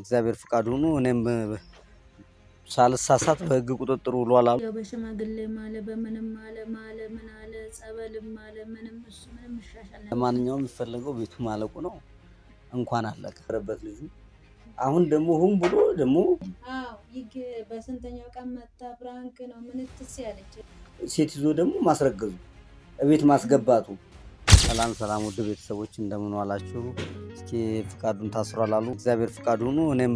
እግዚአብሔር ፍቃድ ሆኖ እኔም ሳልሳሳት በህግ ቁጥጥር ውሏል አሉ። በሽማግሌም አለ በምንም አለ ማለ ምን አለ ጸበልም ማለ ምንም እሱ ምንም ይሻሻል። ለማንኛውም የሚፈለገው ቤቱ ማለቁ ነው። እንኳን አለቀረበት ልጁ። አሁን ደግሞ ሁም ብሎ ደግሞ ይግ በስንተኛው ቀን መጣ ፍራንክ ነው ምንትስ ያለች ሴት ይዞ ደግሞ ማስረገዙ እቤት ማስገባቱ ሰላም ሰላም፣ ውድ ቤተሰቦች እንደምን ዋላችሁ? እስኪ ፍቃዱን ታስሯል አሉ። እግዚአብሔር ፍቃዱ ሆኖ እኔም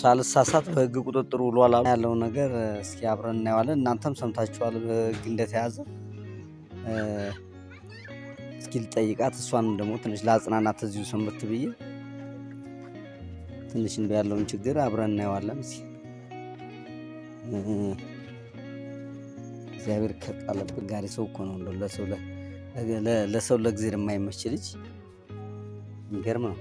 ሳልሳሳት በህግ ቁጥጥር ውሏል አሉ። ያለው ነገር እስኪ አብረን እናየዋለን። እናንተም ሰምታችኋል በህግ እንደተያዘ። እስኪ ልጠይቃት፣ እሷን ደግሞ ትንሽ ለአጽናናት እዚሁ ስምርት ብዬ ትንሽ እንደ ያለውን ችግር አብረን እናየዋለን። እስኪ እግዚአብሔር ከጣለበት ጋር ሰው እኮ ነው እንደው ለሰው ለሰው ለእግዜር የማይመች ልጅ የሚገርም ነው።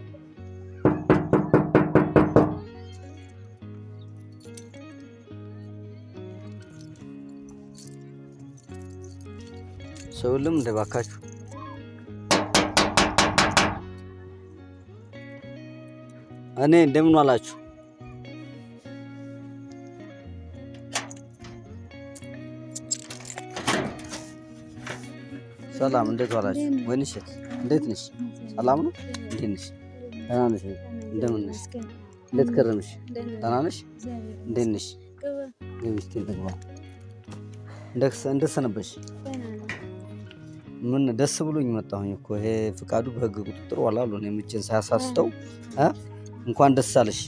ሰው ሁሉም እንደባካችሁ እኔ እንደምን አላችሁ? ሰላም እንዴት ዋላችሁ? ወይንሽ እንዴት ነሽ? ሰላም ነው? እንዴት ነሽ? ደህና ነሽ? እንደምን ነሽ? እንዴት ከረምሽ? ደህና ነሽ? እንዴት ነሽ? ግብስቲ ተግባ እንደክስ እንደሰነበሽ ምን ደስ ብሎኝ መጣሁኝ እኮ ይሄ ፍቃዱ በህግ ቁጥጥር ዋላ ዋላሉ ነው ምጭን ሳያሳስተው እንኳን ደስ አለሽ።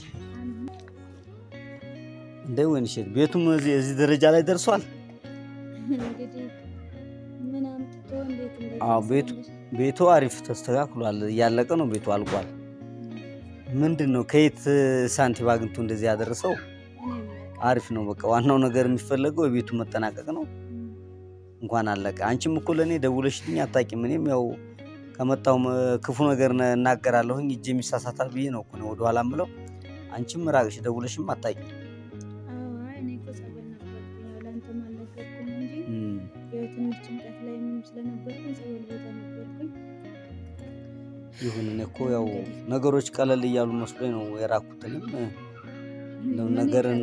እንዴ ወይንሽ ቤቱም እዚህ ደረጃ ላይ ደርሷል። ቤቱ አሪፍ ተስተካክሏል። እያለቀ ነው ቤቱ አልቋል። ምንድን ነው ከየት ሳንቲም አግኝቶ እንደዚህ ያደረሰው? አሪፍ ነው። በቃ ዋናው ነገር የሚፈለገው የቤቱ መጠናቀቅ ነው። እንኳን አለቀ። አንቺም እኮ ለእኔ ደውለሽልኝ አታውቂም። እኔም ያው ከመጣው ክፉ ነገር እናገራለሁኝ እጅ የሚሳሳታል ብዬ ነው ወደኋላ ምለው። አንቺም ራቅሽ፣ ደውለሽም አታውቂም። ይሁን እኮ ያው ነገሮች ቀለል እያሉ መስሎኝ ነው የራኩትንም ነው ነገርን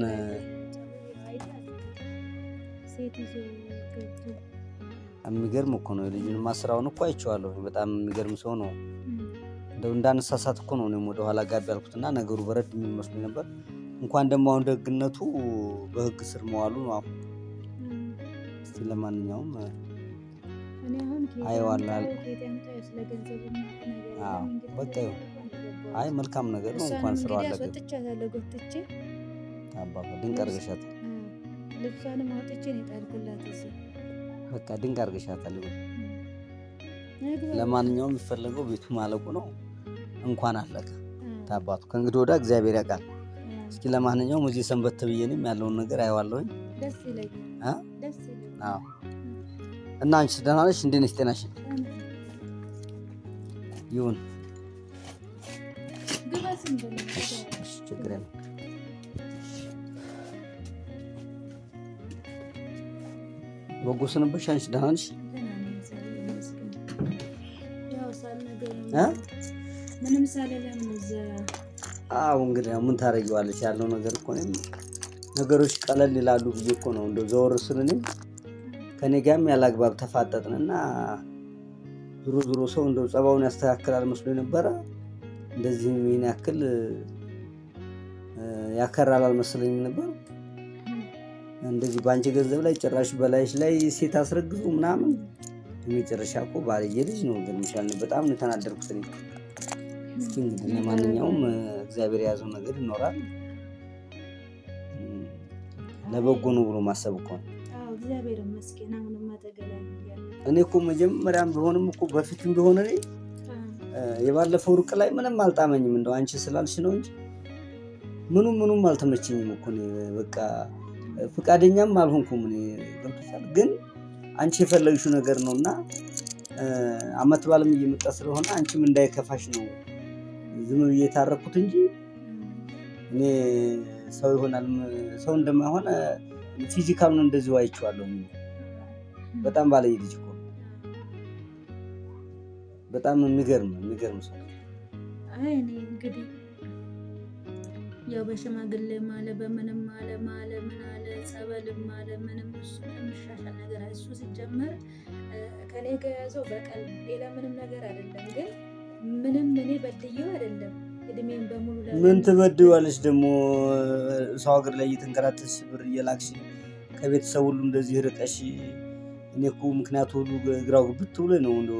የሚገርም እኮ ነው። የልጁንማ ስራውን እኮ አይቼዋለሁ። በጣም የሚገርም ሰው ነው። እንደው እንዳነሳሳት እኮ ነው እኔም ወደኋላ ጋቢ ያልኩትና ነገሩ በረድ የሚል መስሎኝ ነበር። እንኳን ደግሞ አሁን ደግነቱ በህግ ስር መዋሉ ነው። እስቲ ለማንኛውም አይዋላል አይ መልካም ነገር ነው። እንኳን ስራው አለቀ አባባ ድንቅ አድርገሻታል። በቃ ድንቅ አድርገሻታል። ለማንኛውም የሚፈለገው ቤቱ ማለቁ ነው። እንኳን አለቀ ታባቱ ከእንግዲህ ወዳ እግዚአብሔር ያውቃል። እስኪ ለማንኛውም እዚህ ሰንበት ትብዬንም ያለውን ነገር አይዋለሁኝ። ደስ ይለኛል። እና አንቺ ደህና ነሽ? እንዴት ነሽ? ጤናሽ ይሁን። በጎ ስንብሽ። አንቺ ደህና ነሽ? አዎ እንግዲህ ምን ታደርጊዋለሽ? ያለው ነገር እኮ ነገሮች ቀለል ይላሉ ብዬ እኮ ነው እንደው ዘወር ስል እኔም ከኔ ያለ አግባብ ተፋጠጥንና ዞሮ ዞሮ ሰው እንደው ጸባውን ያስተካክላል መስሎ የነበረ እንደዚህ ይህን ያክል ያከራል አልመሰለኝም ነበር። እንደዚህ በአንቺ ገንዘብ ላይ ጭራሽ በላይሽ ላይ ሴት አስረግዙ ምናምን። የመጨረሻ እኮ ባልየ ልጅ ነው ግን ይሻልን። በጣም ነው የተናደርኩት። እስኪ እንግዲህ ለማንኛውም እግዚአብሔር የያዘው ነገር ይኖራል። ለበጎ ነው ብሎ ማሰብ እኮ ነው። እግዚአብሔር ይመስገን አሁንም እኔ እኮ መጀመሪያም ቢሆንም እኮ በፊትም ቢሆን እኔ የባለፈው ሩቅ ላይ ምንም አልጣመኝም፣ እንደው አንቺ ስላልሽ ነው እንጂ ምኑም ምኑም አልተመቸኝም እኮ በቃ ፈቃደኛም አልሆንኩም። ገብቶሻል፣ ግን አንቺ የፈለግሽው ነገር ነው እና አመት በዓልም እየመጣ ስለሆነ አንቺም እንዳይከፋሽ ነው ዝም ብዬ የታረኩት እንጂ እኔ ሰው ይሆናል ሰው እንደማይሆን ፊዚካል ነው እንደዚሁ አይቼዋለሁ። በጣም ባለየ ልጅ እኮ በጣም የሚገርም የሚገርም ሰው። አይ እኔ እንግዲህ ያው በሽማግሌ ማለ በምንም ማለ ማለ ምን አለ ጸበልም አለ ምንም እሱ የሚሻሻል ነገር እሱ ሲጀመር ከኔ ከያዘው በቀል ሌላ ምንም ነገር አይደለም። ግን ምንም እኔ በድየው አይደለም ምን ትበድዋለች ደግሞ ሰው ሀገር ላይ እየተንከራተሽ ብር እየላክሽ ከቤተሰብ ሁሉ እንደዚህ ርቀሽ። እኔ እኮ ምክንያቱ ሁሉ ግራው ግብት ብሎ ነው። እንደ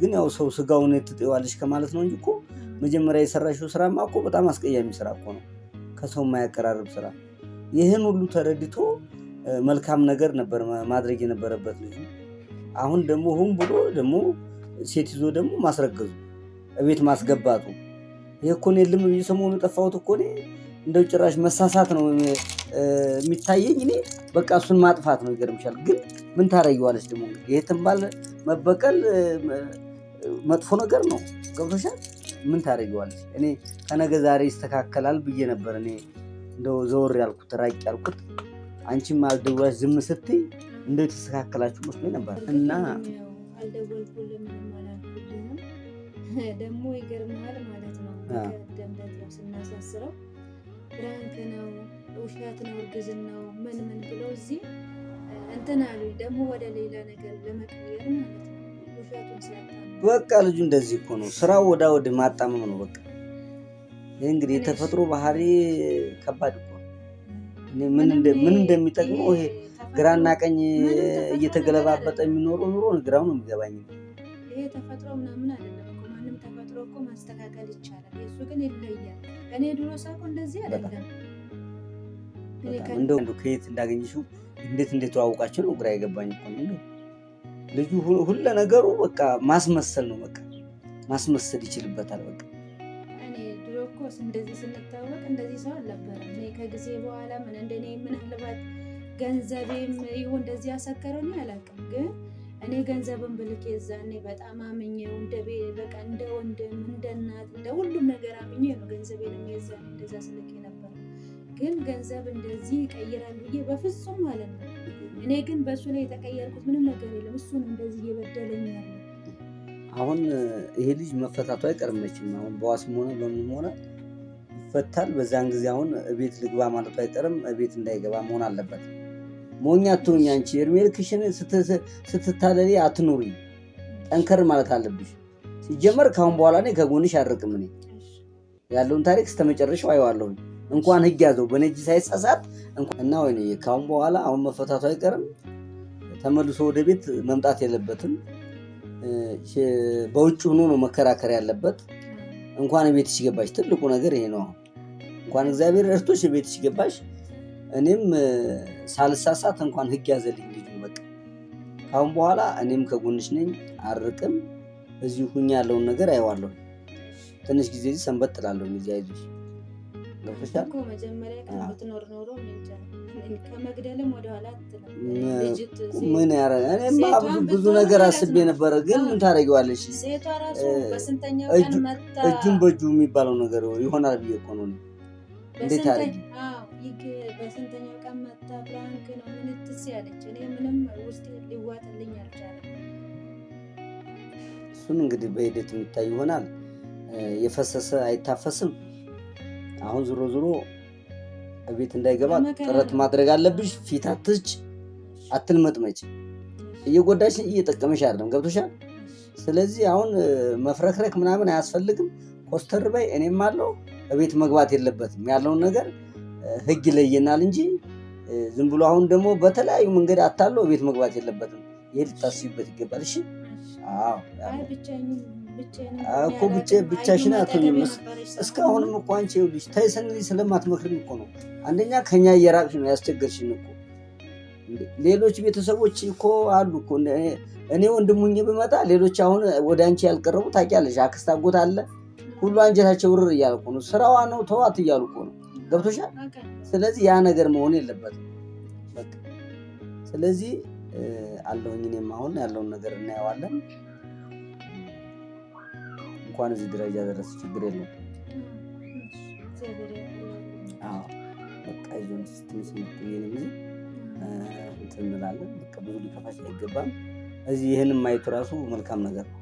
ግን ያው ሰው ስጋውን ትጠዋለች ከማለት ነው እንጂ እኮ መጀመሪያ የሰራሽው ስራማ እኮ በጣም አስቀያሚ ስራ እኮ ነው፣ ከሰው የማያቀራርብ ስራ። ይህን ሁሉ ተረድቶ መልካም ነገር ነበር ማድረግ የነበረበት ልጁ። አሁን ደግሞ ሁም ብሎ ደግሞ ሴት ይዞ ደግሞ ማስረገዙ እቤት ማስገባቱ ይሄ እኮ እኔ የለም ብዬ ሰሞኑን ጠፋሁት እኮ እኔ እንደው ጭራሽ መሳሳት ነው የሚታየኝ። እኔ በቃ እሱን ማጥፋት ነው። ይገርምሻል። ግን ምን ታረየዋለች ደግሞ ይሄ ትንባል መበቀል መጥፎ ነገር ነው። ገብቶሻል። ምን ታደርጊዋለች። እኔ ከነገ ዛሬ ይስተካከላል ብዬ ነበር እኔ እንደው ዘወር ያልኩት ራቅ ያልኩት አንቺም አልደውላሽ ዝም ስትይ እንደው የተስተካከላችሁ መስሎኝ ነበር እና ደግሞ ይገርምሃል በቀደምለት ነው ስናሳስረው ነው ውሸት ነው ምን ምን ብለው እዚህ እንትን አሉ። ደግሞ ወደ ሌላ ነገር ለመቀየር ማለት ነው። ውሸቱን ሲያጣ በቃ ልጁ እንደዚህ እኮ ነው ስራው ወዳ ወደ ማጣመም ነው። በቃ ይህ እንግዲህ የተፈጥሮ ባህሪ ከባድ እኮ ምን እንደሚጠቅመው ይሄ ግራና ቀኝ እየተገለባበጠ የሚኖረው ኑሮ ግራው ነው የሚገባኝ። ይሄ ተፈጥሮ ምናምን አይደለም እኮ ማስተካከል ይቻላል። የእሱ ግን ይለያል። እኔ ድሮ ሳቁ እንደዚህ አይደለም። እንደው ከየት እንዳገኘሽው እንዴት እንደተዋወቃችሁ ነው ግራ የገባኝ እኮ ነው። ልጁ ሁለ ነገሩ በቃ ማስመሰል ነው። በቃ ማስመሰል ይችልበታል። በቃ እኔ ድሮ እኮ እንደዚህ ስንታወቅ እንደዚህ ሰው አልነበረም። እኔ ከጊዜ በኋላ ምን እንደኔ ምናልባት ገንዘቤም ይሁን እንደዚህ ያሰከረኝ አላውቅም ግን እኔ ገንዘብን ብልክ የዛኔ በጣም አምኜው እንደ በቃ እንደ ወንድም እንደ እናት እንደ ሁሉም ነገር አምኘ ነው ገንዘቤንም የዛኔ እንደዛ ስልክ ነበር። ግን ገንዘብ እንደዚህ ይቀይራል ብዬ በፍጹም ማለት ነው። እኔ ግን በእሱ ላይ የተቀየርኩት ምንም ነገር የለም። እሱ ነው እንደዚህ እየበደለኝ ያለ። አሁን ይሄ ልጅ መፈታቱ አይቀርመችም። አሁን በዋስም ሆነ በምንም ሆነ ይፈታል። በዛን ጊዜ አሁን ቤት ልግባ ማለቱ አይቀርም። ቤት እንዳይገባ መሆን አለበት። ሞኛ አትሁኝ አንቺ። እድሜ ልክሽን ስትታለሊ አትኑሪ። ጠንከር ማለት አለብሽ። ሲጀመር ካሁን በኋላ እኔ ከጎንሽ አርቅም። እኔ ያለውን ታሪክ ስተመጨረሻው አየዋለሁ። እንኳን ህግ ያዘው በነጅ ሳይሳሳት እና ወይ ካሁን በኋላ አሁን መፈታቱ አይቀርም። ተመልሶ ወደ ቤት መምጣት የለበትም። በውጭ ሆኖ ነው መከራከር ያለበት። እንኳን ቤትሽ ገባሽ። ትልቁ ነገር ይሄ ነው። እንኳን እግዚአብሔር እርቶሽ ቤትሽ ገባሽ። እኔም ሳልሳሳት እንኳን ህግ ያዘልኝ ልጁ። በቃ ካሁን በኋላ እኔም ከጎንሽ ነኝ፣ አርቅም እዚሁ ሁኝ ያለውን ነገር አይዋለሁ። ትንሽ ጊዜ እዚህ ሰንበት ትላለሁ። እዚህ አይዞሽ ብዙ ነገር አስቤ ነበረ፣ ግን ምን ታደርጊዋለሽ? እጁን በእጁ የሚባለው ነገር ይሆናል ብዬ እኮ ነው። እንዴት አደረጊ ሊግ በስንተኛው ቀን መጣ ብራንክ ነው ትስ ያለች። እኔ ምንም ውስጥ ሊዋጥልኝ አልቻለም። እሱን እንግዲህ በሂደት የሚታይ ይሆናል። የፈሰሰ አይታፈስም። አሁን ዞሮ ዞሮ ቤት እንዳይገባ ጥረት ማድረግ አለብሽ። ፊት አትስጭ፣ አትልመጥመጭ። እየጎዳሽ እየጠቀመሽ አይደለም። ገብቶሻል። ስለዚህ አሁን መፍረክረክ ምናምን አያስፈልግም። ኮስተር በይ። እኔም አለው እቤት መግባት የለበትም ያለውን ነገር ህግ ይለየናል እንጂ ዝም ብሎ አሁን ደግሞ በተለያዩ መንገድ አታለው ቤት መግባት የለበትም። ይሄ ልታስዩበት ይገባል። እሺ እኮ ብቻሽን አትሆኝም። እስካሁንም እኮ አንቺ ይኸውልሽ ተይ ስንል ስለማትመክርም እኮ ነው። አንደኛ ከኛ እየራቅሽ ነው ያስቸገርሽን እኮ። ሌሎች ቤተሰቦች እኮ አሉ እኮ እኔ ወንድሙኝ ብመጣ ሌሎች አሁን ወደ አንቺ ያልቀረቡ ታውቂያለሽ። አክስት አጎት አለ ሁሉ አንጀታቸው ውርር እያልኩ ነው። ስራዋ ነው ተዋት እያልኩ ነው ገብቶሻል። ስለዚህ ያ ነገር መሆን የለበትም። ስለዚህ አለሁኝ እኔም አሁን ያለውን ነገር እናየዋለን። እንኳን እዚህ ደረጃ ደረስ፣ ችግር የለም። ቃይዞን ትንሽ ምትየንም እንትን እንላለን። ብዙ ሊከፋሽ አይገባም። እዚህ ይህን ማየቱ ራሱ መልካም ነገር ነው።